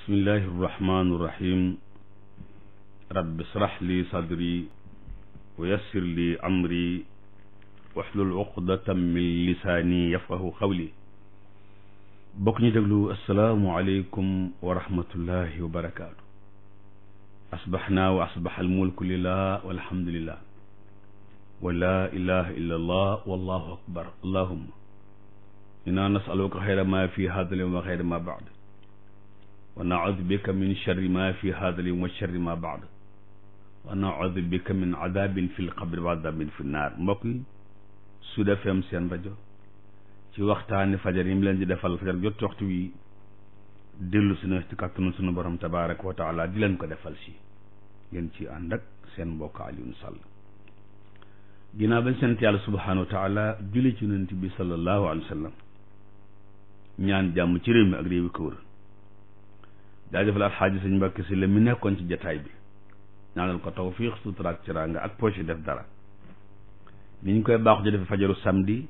bismillahi irrahmani irrahim rabbi srah li sadri wa yassir li amri waxlul uqdatan min lisaani yafqahu qawli bokk ñu déglu asalaamualeykum wa rahmatullahi wa barakaatu asbaxnaa wa asbaxal mulku lillah walhamdulillah wa laa ilaha illa allah wallahu akbar allahumma inaa nasaluka xayra ma fi hada al yawm wa xayra ma ba'd wa naudu bika min charri ma fi hada lyowm wa charri ma baad wa naudu bika min adabin fi lqabri wa adabin fi nnaar mbokk yi Sud FM seen rajo ci waxtaani fajar yi mu leen di defal fajar jot waxtu wi dellu si na ci kàttanu sunu borom tabaraka wa taala di leen ko defal si ngeen ci ànd ak seen mbokk Alioune Sall ginnaaw bañ sant yàlla subhanahu wa taala julli ci yonent bi sallallahu alayhi wa sallam ñaan jàmm ci réew mi ak réew yi ko wër jaajëfal alxaaji sëñ Mbàkke si la mi nekkoon ci jataay bi ñaanal ko tawfiix sutura ak tiraanga ak poche def dara ni ñu koy baaxu ci defe fajaru samedi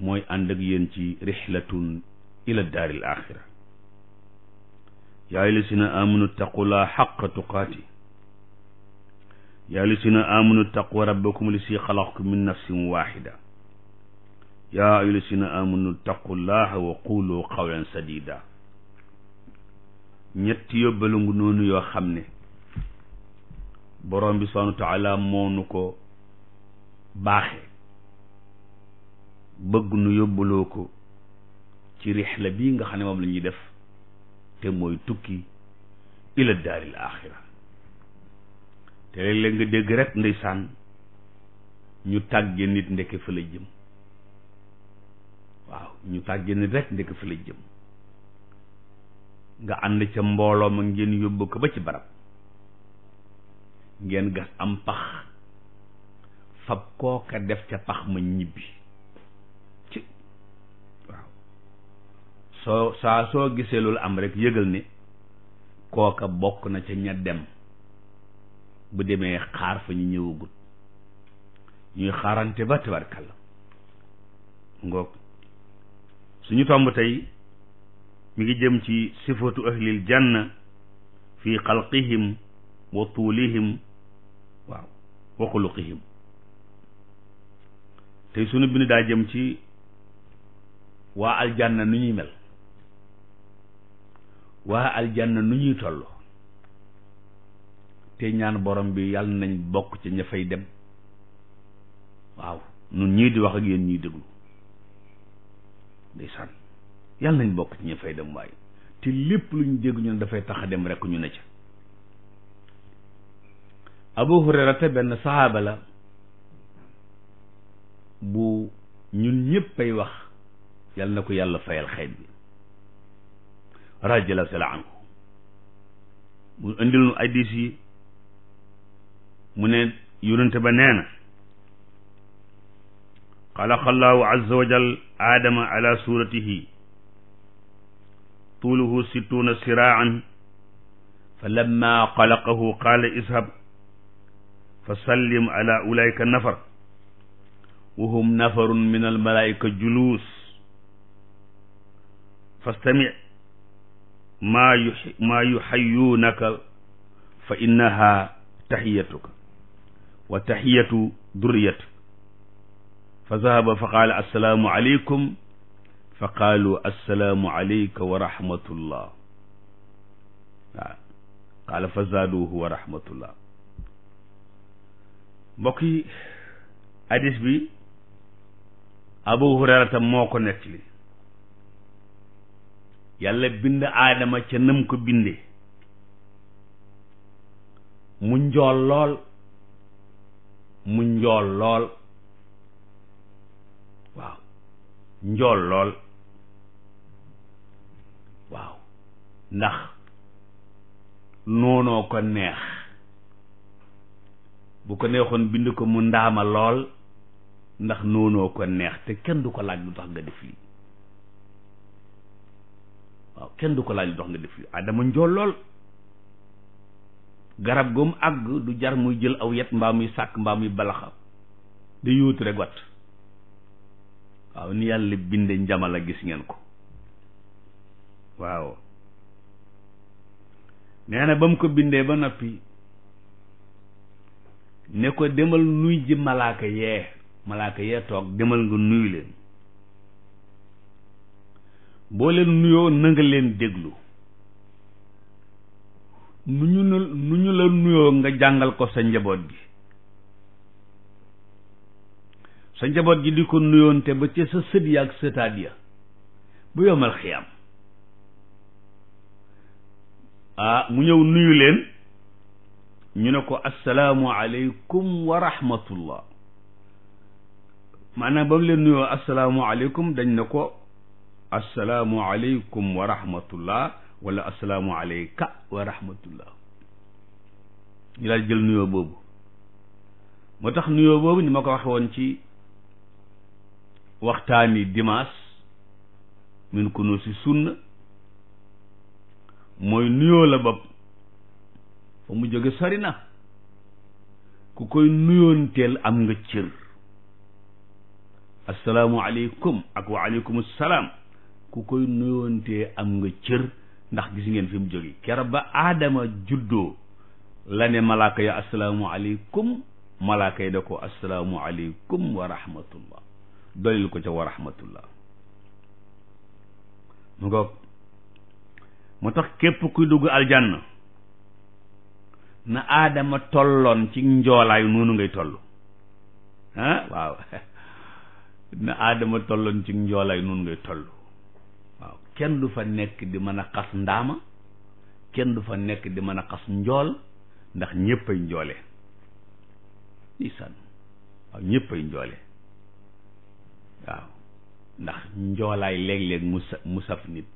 mooy ànd ak yéen ci rixlatun ila daaril axira yaa ayyuhallazina amanu taqullaaha xaqa tuqaati yaa ayyuhallazina amanu taqu rabbakum lazi xalaqakum min nafsin waaxida yaa ayyuhallazina amanu taqullaaha wa qulu qawlan sadida ñett yóbbalu ngu noonu yoo xam ne borom bi subhaanahu wa nu ko baaxe bëgg nu ko ci rixla nga xam ne moom la ñuy def te mooy tukki ila daaril axira te léeg-léeg nga dégg rek ndeysaan ñu tàgge nit ndeke fa la jëm waaw ñu tàgge nit rek ndeke fa la jëm nga ànd ca mbooloo ma ngeen yóbbu ko ba ci barab ngeen gas am pax fab kooka def ca pax ma ñibbi ci waaw soo saa soo gisee loolu am rek yëgal ne kooka bokk na ca ña dem bu demee xaar fa ñu ñëwagut ñuy xaarante ba tabarkalla ngoog suñu tomb tey mi ngi jëm ci sifatu ahlil janna fi xalqihim wa tuulihim waaw wa xuluqihim tey sunu bind daa jëm ci waa aljanna nu ñuy mel waa aljanna nu ñuy toll te ñaan borom bi yàlla nañ bokk ci ña fay dem waaw nun ñii di wax a yéen ñuy déglu yàlla nañ bokk ci ñu fay dem waaye te lépp lu ñu dégg ñun dafay tax a dem rek ñu ne ca Abu Hurayrata benn saxaaba la bu ñun ñëpp ay wax yàlla na ko yàlla fayal xeet bi radiyallahu taala anhu mu indil nu addis yi mu ne yonente ba nee na xalaqa allahu azza wa jal aadama ala suratihi tuuluhu sittuuna siraan fa lamma xalaqahu qaala ishab fa sallim ala ulaika nafar wa hum nafarun min almalaika juluus fastami maa yu maa yuxayuunaka fa innaha taxiyatuka wa taxiyatu durriyat fa zahaba fa qaala assalaamu aleykum fa qaalu assalaamu aleyka wa rahmatullah waaw qaala fa zaaduhu wa rahmatullah mbokk yi hadis bi abu hurairata moo ko nettali yàlla bind aadama ca nam ko bindee mu njool lool mu njool lool waaw njool lool ndax noonoo ko neex bu ko neexoon bind ko mu ndaama lool ndax noonoo ko neex te kenn du ko laaj lu tax nga def lii waaw kenn du ko laaj lu tax nga def lii adama njool lool garab goom àgg du jar muy jël aw yet mbaa muy sàkk mbaa muy balaxa da yóotu rek wat waaw ni yàlla binde njamal a gis ngeen ko waaw nee na ba mu ko bindee ba noppi ne ko demal nuy ji malaaka yee malaaka yee toog demal nga nuyu leen boo leen nuyoo na leen déglu nu ñu nu ñu la nuyoo nga jàngal ko sa njaboot gi sa njaboot gi di ko nuyoonte ba ca sa sët ya ak sëtaat ya bu yomal xiyam ah mu ñëw nuyu leen ñu ne ko assalaamu aleykum wa rahmatullah maanaam ba mu leen nuyoo assalaamu aleykum dañ ne ko assalaamu aleykum wa rahmatullah wala assalaamu aleyka wa rahmatullah ñu daal jël nuyoo boobu moo tax nuyoo boobu ni ma ko waxe woon ci waxtaani dimaas min kunuusi sunna mooy nuyoo la bopp mu jóge sori na ku koy nuyoonteel am nga cër asalaamualeykum ak wa aleykum salaam ku koy nuyoontee am nga cër ndax gis ngeen fi mu jóge kera ba aadama juddoo la ne malaaka ya asalaamualeykum malaaka yi da ko asalaamualeykum wa rahmatullah dolil ko ca wa rahmatullah moo tax képp kuy dugg aljanna na aadama tolloon ci njoolaay noonu ngay toll ah waaw na aadama tolloon ci njoolaay noonu ngay tollu waaw kenn du fa nekk di mën a xas ndaama kenn du fa nekk di mën a xas njool ndax ñéppay njoole isaan waaw ñéppay njoole waaw ndax njoolaay léeg-léeg mu sa mu saf nit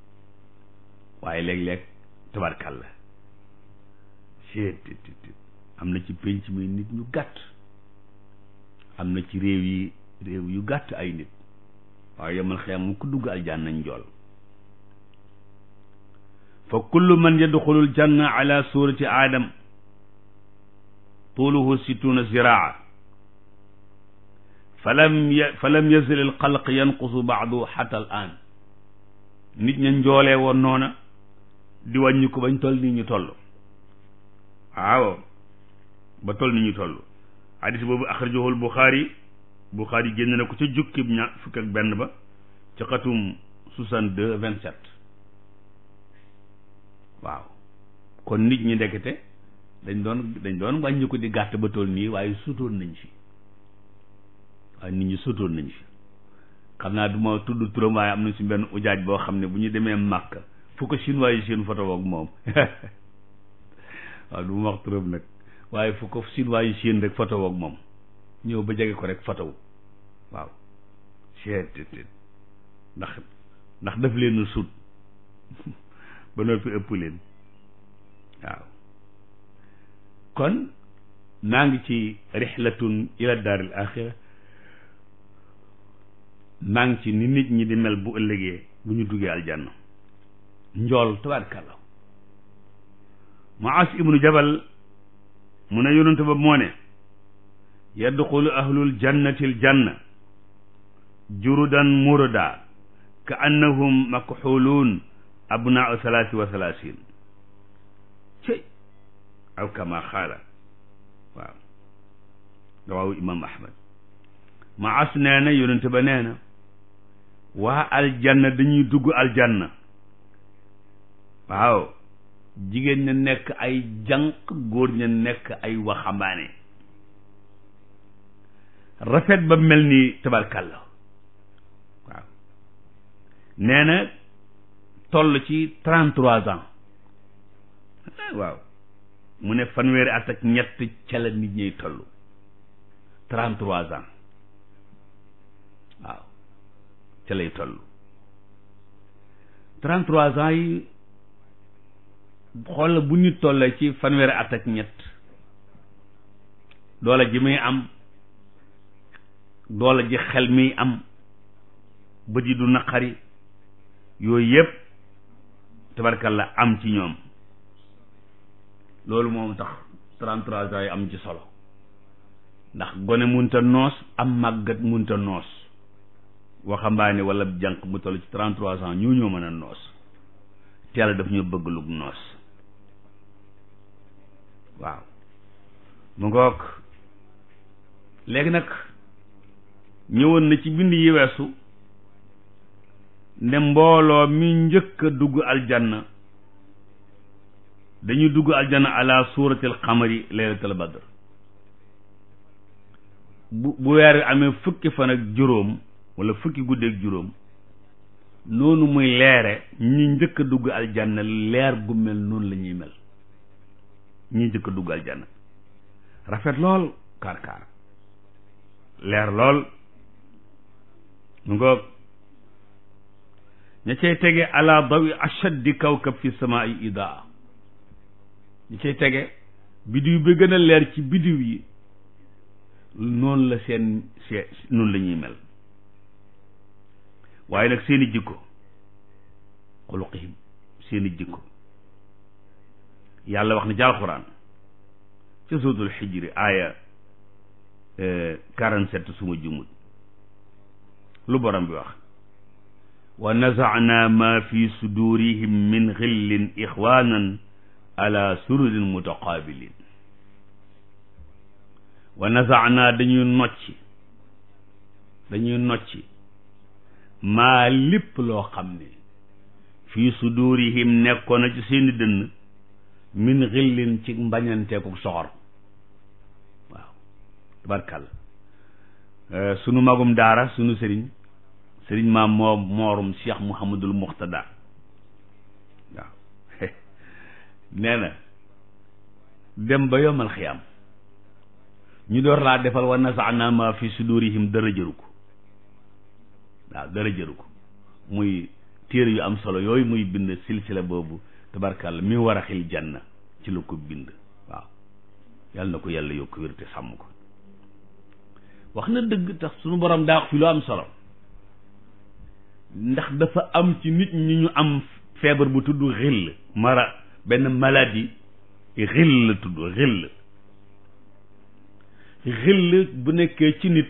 waaye léeg-léeg tabarkàlla am na ci pénc mi nit ñu gàtt am na ci réew yi réew yu gàtt ay nit waaye yomal xiyam ku dugg aljanna njool fa kullu man yadxulu aljanna ala surati aadam tuuluhu situna ziraa falam ya falam yazal alxalq yanqusu baadu xata al an nit ña njoolee woon noona di wàññi ko bañ toll nii ñu toll waaw ba toll nii ñu toll hadis boobu axrajahul Buxaari Buxaari génn na ko ca jukkib ña fukk ak benn ba ca xatum 62 27 waaw kon nit ñi ndekete dañ doon dañ doon wàññi di gàtt ba toll nii waaye sutoon nañ fi waaye nit ñi sutoon nañ fi xam naa du ma tudd turam waaye am na si benn ujaaj boo xam ne bu ñu demee màkk fu ko chinois yi seen photo ak moom waaw du ma wax turam nag waaye fu ko chinois yi seen rek photo ak moom ñëw ba jege ko rek photo waaw seet ndax ndax daf leen sut ba noppi ëpp leen waaw kon naa ngi ci rixlatun ila daaril axira ngi ci ni nit ñi di mel bu ëllëgee bu ñu duggee aljanna njool tabaarkàlla Muaas ibnu Jabal mu ne yonent ba moo ne yadxulu ahlul jannati l janna jurudan murada ka annahum makxuluun abnaau salaasi wa salaasin cëy aw kama xaala waaw rawaawu imaam ahmad Muaas nee na yonent ba nee na waa aljanna dañuy dugg aljanna waaw jigéen ña nekk ay jànq góor ña nekk ay waxambaane rafet ba mel ni tabarkàlla waaw nee na toll ci trente trois ans eh, waaw mu ne fanweeri at ak ñett ca la nit ñuy toll trente trois ans waaw ca lay toll trente trois ans yi xool bu nit tollee ci fanweeri at ak ñett doole ji muy am doole ji xel miy am bët yi du naqari yooyu yëpp la am ci ñoom loolu moom tax trente-trois ans yi am ci solo ndax gone munta noos am màggat munta noos waxambaane wala jànq bu toll ci trente-trois ans ñoo ñoo mën a noos te yàlla daf ñu bëgg lug noos waaw mu ngoog léegi nag ñëwoon na ci bind yi weesu ne mbooloo mi njëkk a dugg aljanna dañuy dugg aljanna ala suuratil xamari laylatul badr bu bu weer amee fukki fan ak juróom wala fukki guddeeg juróom noonu muy leere ñi njëkk a dugg aljanna leer gu mel noonu lañuy mel ñi njëkk a dugg rafet lool kaar kaar leer lool mu ngoog ña cay tege ala dawi ashaddi kawkab fi samaai idaa ña cay tege bidiw bi gën a leer ci bidiw yi noonu la seen see noonu la ñuy mel waaye nag seeni jikko xuluqihim seeni jikko yàlla wax na ci alxuraan ca suutul xijri aaya e, quarante sept suma jumut lu borom bi wax wa nazaana ma fi sudurihim min xillin ixwanan ala sururin mutaqabilin wa nazaana dañuy nocci dañuy nocci maa lépp loo xam ne fii sudurihim nekkoon na ci seeni dënn min xillin ci mbañanteeku soxor waaw tabarkàlla euh, sunu magum daara sunu sëriñ sëriñ maam moo moorum cheikh mouhamadul muxtada waaw nee na dem ba yom xiyaam ñu door laa defal wa nasaana ma fi sudurihim dara jëru ko waaw dara ko muy téere yu am solo yooyu muy bind silsila boobu tabarkàlla mi war a waraxil janna ci la ko bind waaw yàlla na ko yàlla yokk wér te sàmm ko wax na dëgg tax suñu borom daa wax fi lu am solo ndax dafa am ci nit ñi ñu am feebar bu tudd xill mara benn maladie xill la tudd xill xill bu nekkee ci nit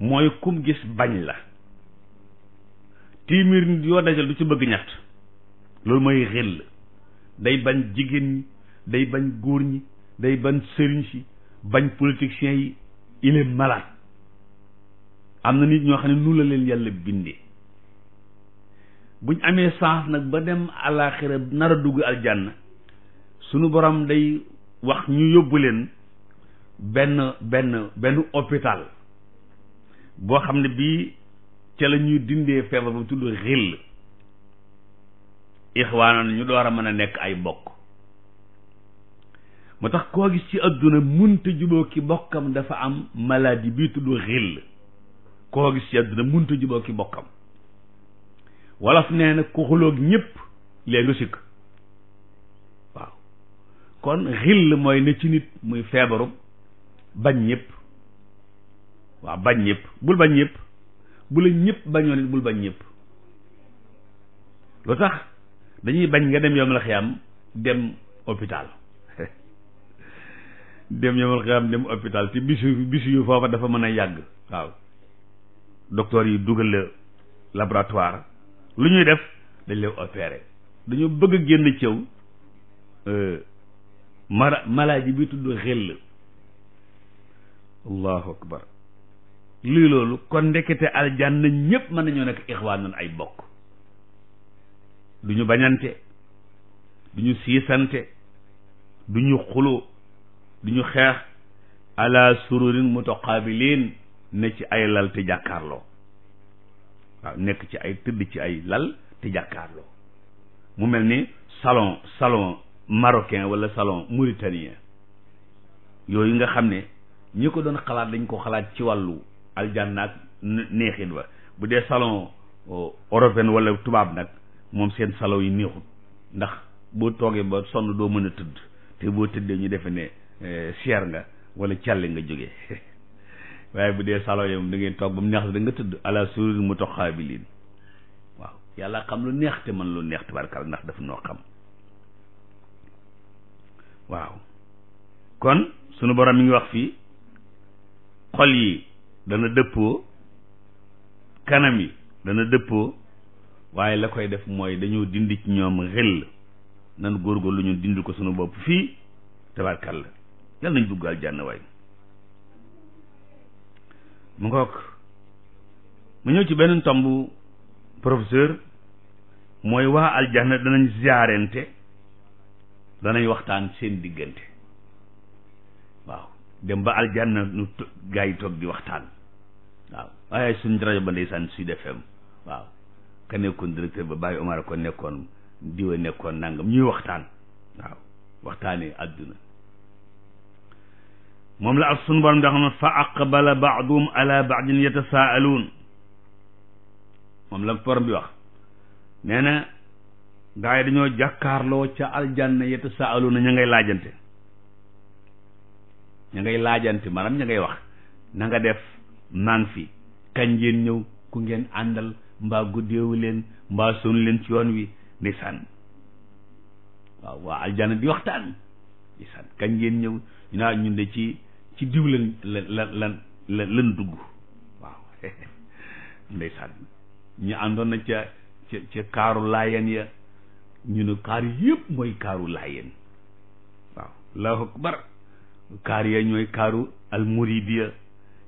mooy kum gis bañ la téeméer yoo dajal du ci bëgg ñett loolu mooy xel day bañ jigéen ñi day bañ góor ñi day bañ sëriñ si bañ politiciens yi il am na nit ñoo xam ne nu la leen yàlla bindee buñ amee sens nag ba dem àllaaxira nar a dugg aljanna sunu borom day wax ñu yóbbu leen benn benn benn hôpital boo xam ne bii ca la ñuy dindee feebar ba tudd xel ixwaanan ñu door a mën a nekk ay mbokk moo tax koo gis ci àdduna munta juboo ki bokkam dafa am maladie bii tudd xill koo gis ci adduna munta juboo ki bokkam wolof nee na ku xulóog ñëpp léegi nga sikk waaw kon xill mooy ne ci nit muy feebaru bañ ñépp waaw bañ ñëpp bul bañ ñëpp bu la ñëpp bañoo nit bul bañ ñëpp lu tax dañuy bañ nga dem yoomal xiyaam dem hôpital dem yoomal xiyaam dem hôpital te bisu bisu yu foofa dafa mën a yàgg waaw docteur yi dugal la laboratoire lu ñuy def dañ lay opéré dañoo bëgg génn cëw euh, mara malaaji bi tudd xel allahu akbar lii loolu kon ndekete aljanna ñëpp mën nañoo nekk ixwaanun ay bokk du ñu bañante du ñu siisante du ñu xulo du ñu xeex ala sururin mutaqabilin ne ci ay lal te jàkkaarloo waaw nekk ci ay tëdd ci ay lal te jàkkaarloo mu mel ni salon salon marocain wala salon mauritanien yooyu nga xam ne ñi ko doon xalaat dañ ko xalaat ci wàllu aljanna ak neexin wa bu dee salon oh, européen wala tubaab nag moom seen salaw yi neexut ndax boo toogee ba sonn doo mën a tëdd te boo tëddee ñu defe ne eh, seer nga wala càlle nga jógee waaye bu dee salaw yi moom da ngeen toog ba mu neex da nga tëdd ala surir mutaqabilin waaw yàlla xam lu neex te man lu neex tabarkal ndax daf noo xam waaw kon sunu borom bi ngi wax fii xol yi dana dëppoo kanam yi dana dëppoo waaye la koy def mooy dañoo dindi ci ñoom xel nan góorgóorlu ñu dind ko suñu bopp fii tabarkàlla yàlla nañ dugg aljanna waay mu ngoog mu ñëw ci beneen tomb professeur mooy waa aljanna danañ ziyaarente danañ waxtaan seen diggante waaw dem ba aljanna nu gaa yi toog di waxtaan waaw waaye suñ rajo ba ndeysaan Sud FM waaw ka nekkoon directeur ba Baye Omar ko nekkoon diwa nekkoon nangam ñuy waxtaan waaw waxtaanee adduna moom la ak sunu borom da xam fa aqbala baaduhum ala baadin yatasaaluun moom la borom bi wax nee na gaa yi dañoo jàkkaarloo ca aljanna yatasaaluuna ña ngay laajante ña ngay laajante maanaam ña ngay wax na nga def maa fi kañ ngeen ñëw ku ngeen àndal mbaa guddeewu leen mbaa sonu leen ci yoon wi ndeysaan waaw waa di waxtaan ndeysaan kañ ngeen ñëw ñu naa ñun de ci ci diw lan lan dugg waaw ñu àndoon ca ca ca kaaru laayeen ya ñu ne kaar yëpp mooy kaaru laayeen waaw allahu akbar kaar ya ñooy kaaru almuridiya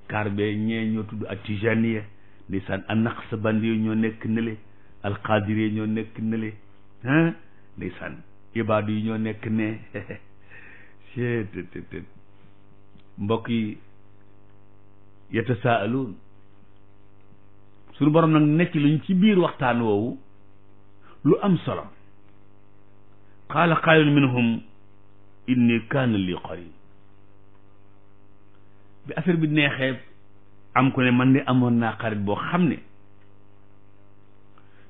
kaar bee ñee ñoo tudd atijaniya ndeysaan an naqsabandi yi ñoo nekk nële alqaadiri yi ñoo nekk nële ah ndeysaan ibaadu yi ñoo nekk ne cettt mbokk yi yatasaaluun suñu borom nag nekk luñ ci biir waxtaan woowu lu am solo qaala qaayun minhum inni kaana li qarin bi affaire bi neexee am ku ne man di amoon naa xarit boo xam ne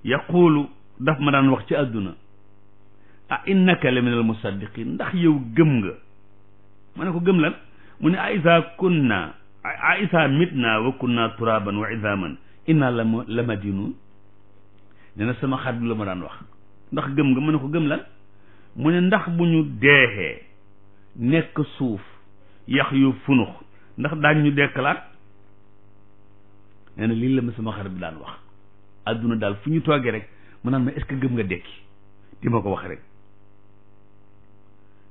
yaqulu daf ma daan wax ci àdduna a innaka la min al musaddiqin ndax yow gëm nga ma ne ko gëm lan mu ne a isa kunna a isa mitna wa kunna turaban wa idaman inna la la madinun ne sama xarit la ma daan wax ndax gëm nga ma ne ko gëm lan mu ne ndax bu ñu deexee nekk suuf yax yu funux ndax daañ ñu dekkalaat nee na lii la ma sama xarit bi daan wax adduna daal fu ñu toogee rek mun naan ma est-ce gëm nga dekki di ma ko wax rek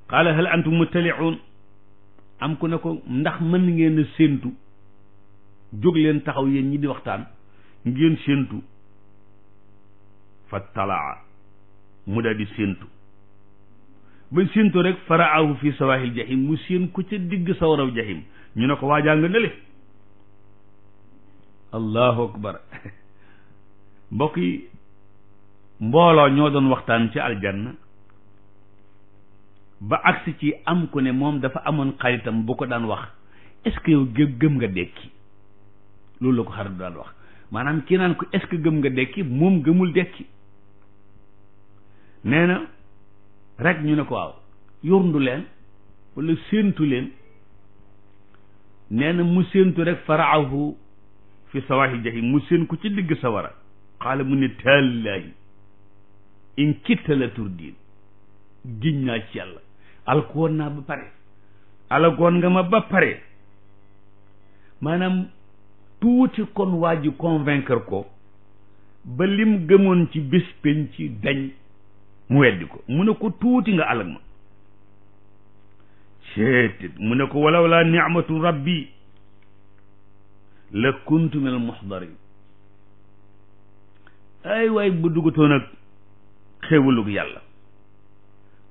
qaala hal antum muttaliun am ku ne ko ndax mën ngeen séentu jóg leen taxaw yéen ñi di waxtaan ngeen séentu fa talaa mu daal di séentu ba séentu rek faraahu fi sawaaxil jahim mu séen ko ca digg sawaraw jahim ñu ne ko waajaa nga nële allahu akbar mbokk yi mbooloo ñoo doon waxtaan ci aljanna ba agsi ci am ku ne moom dafa amoon xaritam bu ko daan wax est-ce que gëm nga dekki loolu la ko xarit daan wax maanaam kii naan ko est gëm nga dekki moom gëmul dekki nee na rek ñu ne ko waaw yurndu leen wala séentu leen nee mu séentu rek faraahu fi sawaaxi jahim mu seen ko ci digg sawara xaala mu ne tallaahi in kitta la turdiin giñ naa ci yàlla alkoon naa ba pare alagoon nga ma ba pare maanaam tuuti kon waa ji convaincre ko ba lim gëmoon ci bés pénc ci dañ mu weddi ko mu ne ko tuuti nga alag ma ceetit mu ne ko walaw laa nicmatu rabbi la kuntu min al ay waay bu dugutoon ak xéwalug yàlla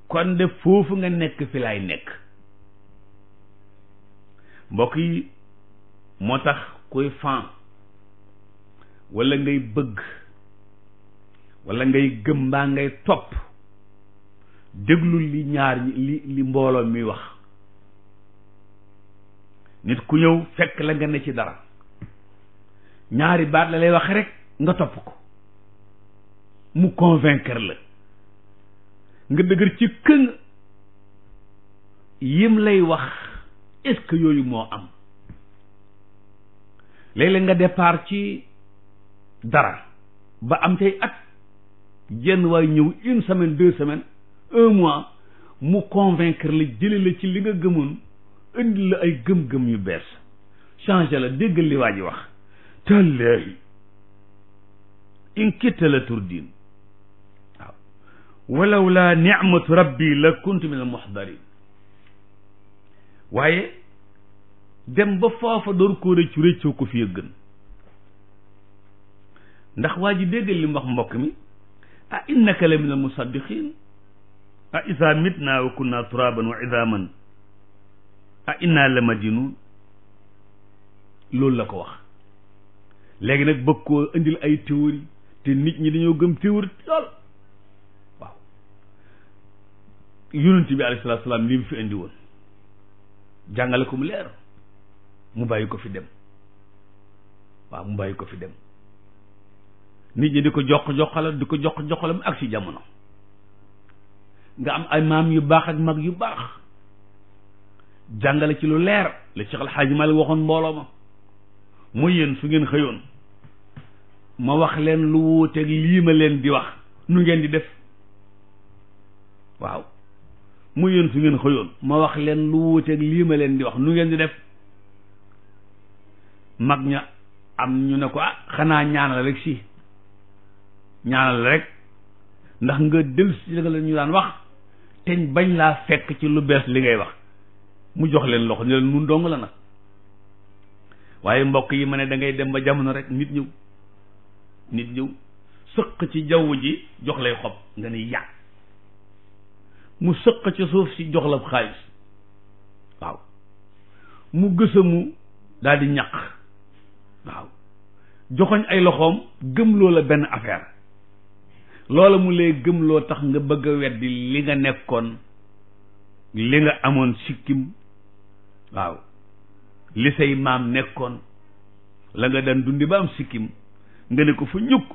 kon def foofu nga nekk fi laay nekk mbokk yi moo tax kuy fan wala ngay bëgg wala ngay gëm mbaa ngay topp déglu li ñaar li li mbooloo mi wax nit ku ñëw fekk la nga ne ci dara ñaari baat la lay wax rek nga topp ko mu convaincre la nga dëgër ci këng yim lay wax est yooyu moo am léeg-léeg nga départ ci dara ba am tey at jenn waay ñëw une semaine deux semaine un mois mu convaincre la jële la ci li nga gëmoon indi la ay gëm-gëm yu bees changé la déggal li waa ji wax tallaahi in kitta la turdin waaw walaw laa nicmatu rabbi la kuntu min al muxdarin waaye dem ba foofa door koo rëccu rëccoo ko fi gën ndax waa ji déggal li mu wax mbokk mi a innaka la min al musaddiqin a isa mitna wa kunna turaban wa idaman a inna la majnun loolu la ko wax léegi nag bëgg koo indil ay théorie te nit ñi dañoo gëm théorie lool waaw yonent bi alayhi salaatu salaam li mu fi indi woon jàngale ko mu leer mu bàyyi ko fi dem waaw mu bàyyi ko fi dem nit ñi di ko jox joxala di ko jox joxala mu ak si jamono nga am ay maam yu baax ak mag yu baax jàngale ci lu leer la Cheikh Al Hadj waxoon mbooloo ma mooy yéen su ngeen xëyoon ma wax leen lu wuuteeg lii ma leen di wax nu ngeen di def waaw mu yéen su ngeen xëyoon ma wax leen lu wuuteeg lii ma leen di wax nu ngeen di def mag ña am ñu ne ko ah xanaa ñaanal rek si ñaanal rek ndax nga del si la ñu daan wax teñ bañ laa fekk ci lu bees li ngay wax mu jox leen loxo ne leen nun dong la na waaye mbokk yi ma ne dangay dem ba jamono rek nit ñëw nit ñëw sëq ci jaww ji jox lay xob nga ni yàq mu sëq ci suuf si jox la xaalis waaw mu gësamu daal di ñaq waaw joxoñ ay loxoom gëm loo la benn affaire loola mu lay gëm loo tax nga bëgg a weddi li nga nekkoon li nga amoon sikkim waaw li say maam nekkoon la nga daan dundi ba am sikkim nga ne ko fa ñukk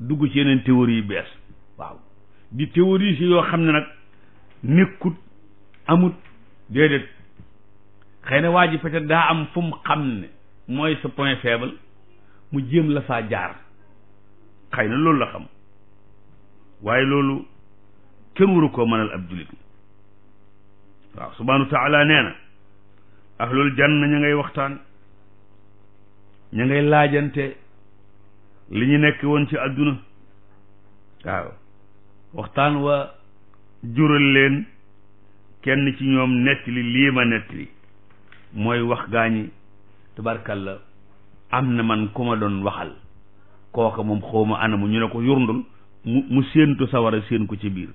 dugg ci yeneen théorie yu bees waaw di théorie si yoo xam ne nag nekkut amut déedéet xëy na waa ji peut daa am fu mu xam ne mooy sa point faible mu jéem la faa jaar xëy na loolu la xam waaye loolu kenn ko mën mënal ab jullit waaw subhaanahu wa taala ak loolu janna ñu ngay waxtaan ñu ngay laajante li ñu nekk woon ci àdduna waaw waxtaan wa jural leen kenn ci ñoom li lii ma nettali mooy wax gaañi tabarkalla am na man ku ma doon waxal kooka moom xawma anamu ñu ne ko yurndul mu mu séentu sawara séen ko ci biir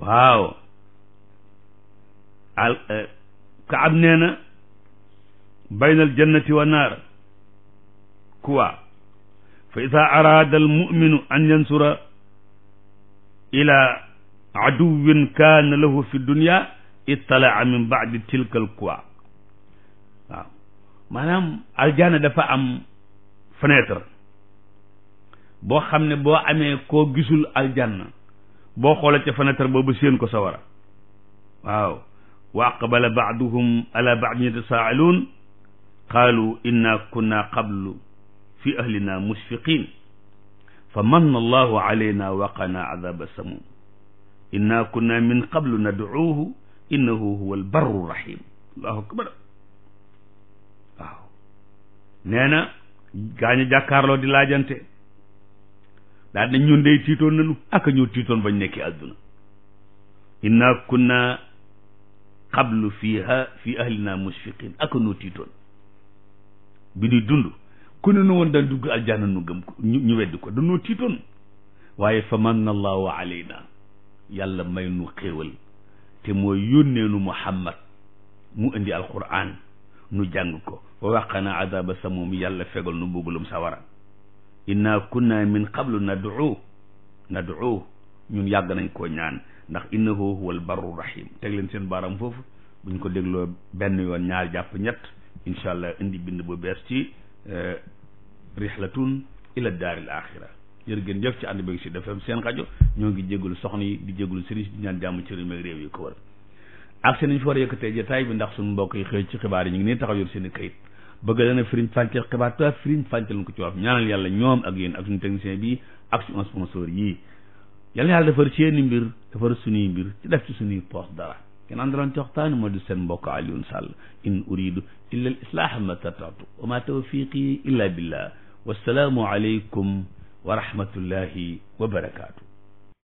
waaw eh, Kaab nee na baynal jannati wa naar kuwa fa ida araada al muminu an yansura ila aduwin kaana lahu fi dunia ittalaa min baadi tilka al kuwa waaw maanaam aljaana dafa am fenêtre boo xam ne boo amee koo gisul aljanna boo xoolee ca fenêtre boobu séen ko sawara waaw wa aqbala baaduhum ala baadin yatasaaluun qaalu inna kunna qablu fi ahlina musfiqin fa manna allahu alayna wa qana adaba samum inna kunna min qablu nadcuuhu innahu huwa albarru rahim allahu akbar waaw nee na gaañu jàkkaarloo di laajante daal nañ ñun dey tiitoon nanu ak ñoo tiitoon bañ nekki àdduna inna kunna qablu fiha fi ahlina musfiqin ak noo tiitoon bi ñuy dund ku ne nu woon daan dugg aljanna nu gëm ko ñu weddi ko danoo tiitoon waaye fa manna allahu alayna yàlla may nu xéewal te mooy yónnee nu muhammad mu indi alquran nu jàng ko wa waqana adaba samum yàlla fegal nu mbugalum sawara inna kunna min qablu nad'u nad'u ñun yàgg nañ koo ñaan ndax innahu huwal barru rahim teg leen seen baaram foofu bu buñ ko dégloo benn yoon ñaar jàpp ñett incha allah indi bind bu bees ci e, rihlatun ila daaril axira jërë ngeen jëf ci ànd bi si defam seen rajo ñoo ngi jégalu soxna yi di jégalu sëriñ di ñaan jàmm ci réew réew yi ko wër ak seen ñu fa war a yëkkatee jotaay bi ndax suñu mbokk yi xëy ci xibaar yi ñu ngi nii taxaw yor seen i kayit bëgg leen a firiñ fàncal xibaar ta firiñ fàncal ko ci waaf ñaanal yàlla ñoom ak yéen ak s technicien bi ak suñu sponsor yàlla yàlla defar seeni mbir defar suñuy mbir ci def ci suñuy poos dara kenn àndaloon ci waxtaani moo di seen mbokk Alioune Sall in uridu illa al islaaha ma tatatu wa ma tawfiqi illa billah wassalaamu aleykum wa rahmatullahi wa barakaatu